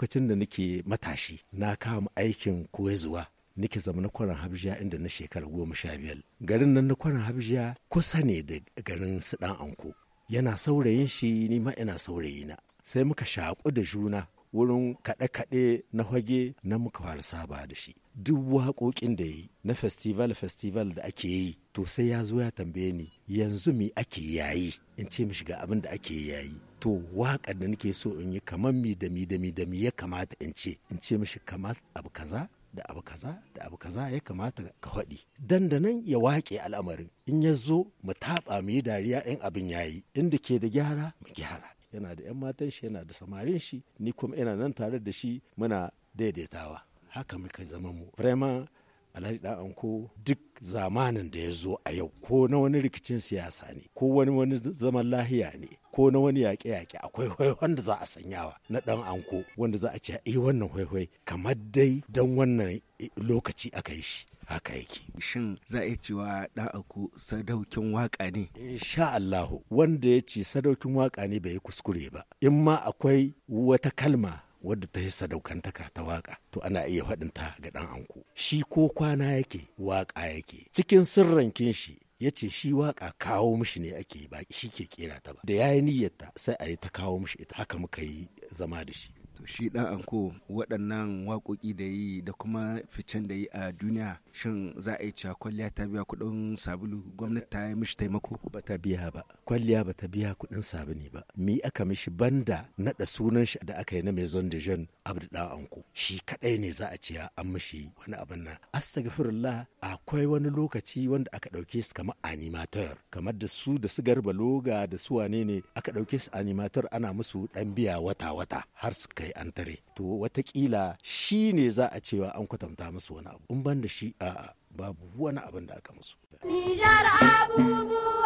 lokacin da nake matashi na kama aikin koyazuwa nake zama na kwaran habjiya inda na shekara goma sha biyar garin nan na kwaran habjiya kusa ne da garin su dan anko yana saurayin shi ni ma ina saurayi na sai muka shaƙu da juna wurin kaɗe-kaɗe na hage na muka fara saba da shi duk waƙoƙin da yi na festival festival da ake yi to sai ya zo ya tambaye ni yanzu me ake yayi in ce mishi ga abin da ake yayi to waƙar da nake so in yi kamar mi da mi da mi da mi ya kamata in ce in ce mishi kamar abu kaza da abu kaza da abu kaza ya kamata ka faɗi nan ya waƙe al'amarin in ya zo mu taɓa mu yi dariya in abin yayi da ke da gyara mu gyara yana da 'yan matan shi yana da samarin shi ni kuma ina nan tare da shi muna daidaitawa haka muka zama mu vraiment alhaji dan anko duk zamanin da ya zo a yau ko na wani rikicin siyasa ne ko wani wani zaman lahiya ne ko na wani yaƙe-yaƙe akwai hwaihwai wanda za a sanyawa na ɗan anko wanda za a ce eh wannan hwaihwai kamar dai don wannan lokaci aka yi shi haka yake. Shin za a cewa dan aku sadaukin waka ne? Insha Allahu wanda ya ce sadaukin waka ne bai yi kuskure ba. In ma akwai wata kalma wadda ta yi sadaukantaka ta waka to ana iya faɗin ta ga ɗan anko shi ko kwana yake waka yake cikin sirran kinshi ya ce shi waka kawo mishi ne ake ba shi ke kera ta ba da ya yi niyyarta sai a yi ta kawo mishi ita haka muka yi zama da shi shi ɗan anko waɗannan waƙoƙi da yi da kuma ficen da yi a duniya shin za a yi cewa kwalliya ta biya kuɗin sabulu gwamnati ta yi mishi taimako? Ba ta biya ba. Kwalliya ba ta biya kuɗin sabulu ba. Mi aka mishi banda naɗa sunan shi da aka yi na Maison de Jeune Abdu ɗan anko. Shi kaɗai ne za a ce an mishi wani abin nan. Astagfirullah akwai wani lokaci wanda aka ɗauke su kamar animator kamar da su da su garba loga da su wane ne aka ɗauke su animator ana musu ɗan biya wata-wata har su kai tare to watakila shi ne za a cewa an kwatanta musu wani abu in ban da shi a'a babu wani abin da aka musu. Nijar abubuwa